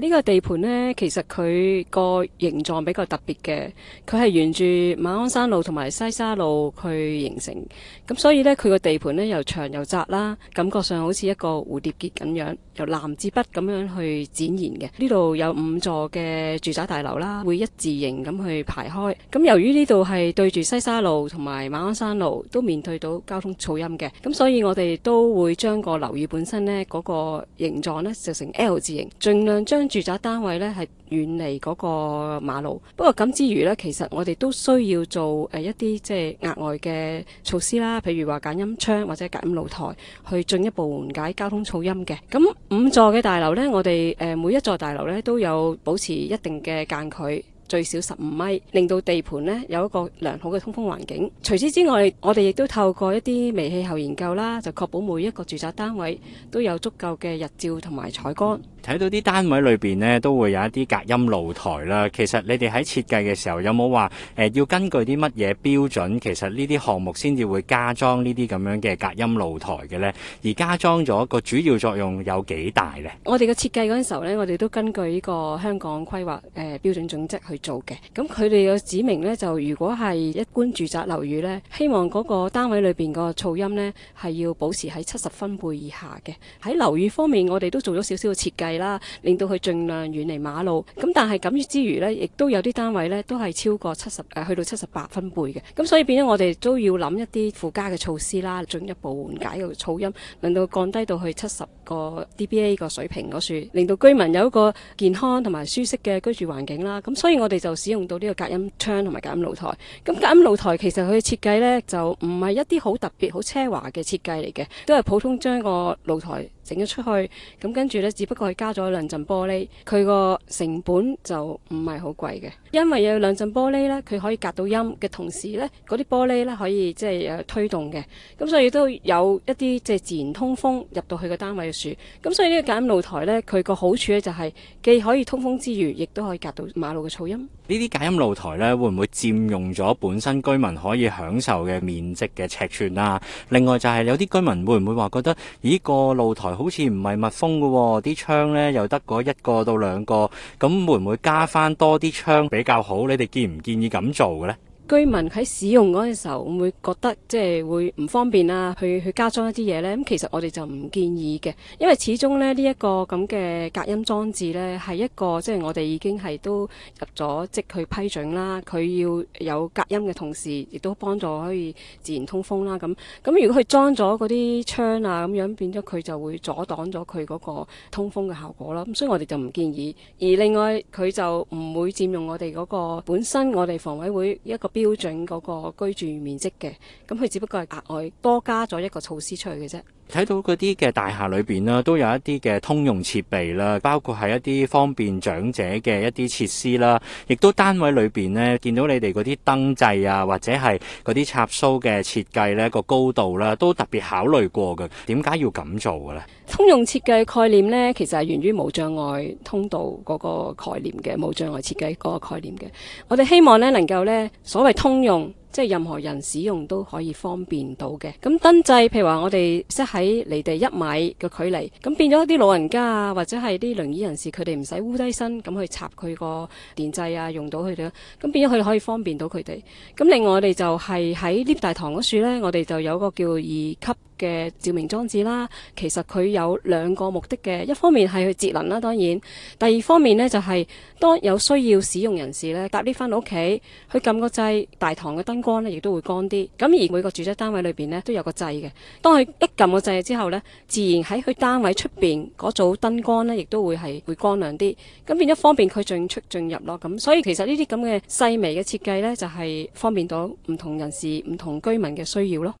呢個地盤呢，其實佢個形狀比較特別嘅，佢係沿住馬鞍山路同埋西沙路去形成，咁所以呢，佢個地盤呢，又長又窄啦，感覺上好似一個蝴蝶結咁樣，由南至北咁樣去展現嘅。呢度有五座嘅住宅大樓啦，會一字形咁去排開。咁由於呢度係對住西沙路同埋馬鞍山路，都面對到交通噪音嘅，咁所以我哋都會將個樓宇本身呢，嗰個形狀呢，就成 L 字形，盡量將住宅單位呢係遠離嗰個馬路，不過咁之餘呢，其實我哋都需要做誒一啲即係額外嘅措施啦，譬如話隔音窗或者隔音露台，去進一步緩解交通噪音嘅。咁五座嘅大樓呢，我哋誒每一座大樓呢都有保持一定嘅間距，最少十五米，令到地盤呢有一個良好嘅通風環境。除此之外，我哋亦都透過一啲微氣候研究啦，就確保每一個住宅單位都有足夠嘅日照同埋採光。睇到啲單位裏面呢，都會有一啲隔音露台啦。其實你哋喺設計嘅時候有有，有冇話要根據啲乜嘢標準？其實呢啲項目先至會加裝呢啲咁樣嘅隔音露台嘅呢？而加裝咗個主要作用有幾大呢？我哋嘅設計嗰陣時候呢，我哋都根據呢個香港規劃誒、呃、標準準則去做嘅。咁佢哋有指明呢，就如果係一般住宅樓宇呢，希望嗰個單位裏面個噪音呢，係要保持喺七十分貝以下嘅。喺樓宇方面，我哋都做咗少少嘅設計。啦，令到佢儘量遠離馬路。咁但係咁之餘呢，亦都有啲單位呢，都係超過七十，啊，誒去到七十八分貝嘅。咁所以變咗我哋都要諗一啲附加嘅措施啦，進一步緩解個噪音，令到降低到去七十個 dBA 個水平嗰處，令到居民有一個健康同埋舒適嘅居住環境啦。咁所以我哋就使用到呢個隔音窗同埋隔音露台。咁隔音露台其實佢設計呢就唔係一啲好特別，好奢華嘅設計嚟嘅，都係普通將個露台。整咗出去，咁跟住咧，只不過係加咗兩陣玻璃，佢個成本就唔係好貴嘅，因為有兩陣玻璃咧，佢可以隔到音嘅同時咧，嗰啲玻璃咧可以即係誒推動嘅，咁所以都有一啲即係自然通風入到去個單位嘅樹，咁所以呢個隔音露台咧，佢個好處咧就係既可以通風之餘亦都可以隔到馬路嘅噪音。呢啲隔音露台咧，會唔會佔用咗本身居民可以享受嘅面積嘅尺寸啊？另外就係有啲居民會唔會話覺得，咦個露台好似唔係密封嘅喎，啲窗呢又得嗰一個到兩個，咁會唔會加翻多啲窗比較好？你哋建唔建議咁做嘅咧？居民喺使用嗰陣時候會唔會覺得即係、就是、會唔方便啊？去去加裝一啲嘢咧，咁其實我哋就唔建議嘅，因為始終咧呢一、這個咁嘅隔音裝置咧係一個即係、就是、我哋已經係都入咗即佢批准啦，佢要有隔音嘅同時亦都幫助可以自然通風啦。咁咁如果佢裝咗嗰啲窗啊咁樣變咗佢就會阻擋咗佢嗰個通風嘅效果啦。咁所以我哋就唔建議，而另外佢就唔會佔用我哋嗰、那個本身我哋房委會一個標準嗰個居住面積嘅，咁佢只不過係額外多加咗一個措施出去嘅啫。睇到嗰啲嘅大廈裏面啦，都有一啲嘅通用設備啦，包括係一啲方便長者嘅一啲設施啦，亦都單位裏面呢，見到你哋嗰啲燈掣啊，或者係嗰啲插蘇嘅設計呢個高度啦，都特別考慮過嘅。點解要咁做嘅呢？通用設計概念呢，其實係源於無障礙通道嗰個概念嘅，無障礙設計嗰個概念嘅。我哋希望呢能夠呢，所謂係通用，即係任何人使用都可以方便到嘅。咁燈掣，譬如話我哋 set 喺離地一米嘅距離，咁變咗啲老人家啊，或者係啲輪椅人士，佢哋唔使屈低身咁去插佢個電掣啊，用到佢哋咯。咁變咗佢哋可以方便到佢哋。咁另外我哋就係喺 lift 大堂嗰處呢，我哋就有個叫二級。嘅照明裝置啦，其實佢有兩個目的嘅，一方面係去節能啦，當然，第二方面呢，就係、是、當有需要使用人士呢，搭啲翻到屋企，去撳個掣，大堂嘅燈光呢亦都會光啲。咁而每個住宅單位裏面呢，都有個掣嘅，當佢一撳個掣之後呢，自然喺佢單位出面嗰組燈光呢，亦都會係會光亮啲，咁變咗方便佢進出進入咯。咁所以其實呢啲咁嘅細微嘅設計呢，就係、是、方便到唔同人士、唔同居民嘅需要咯。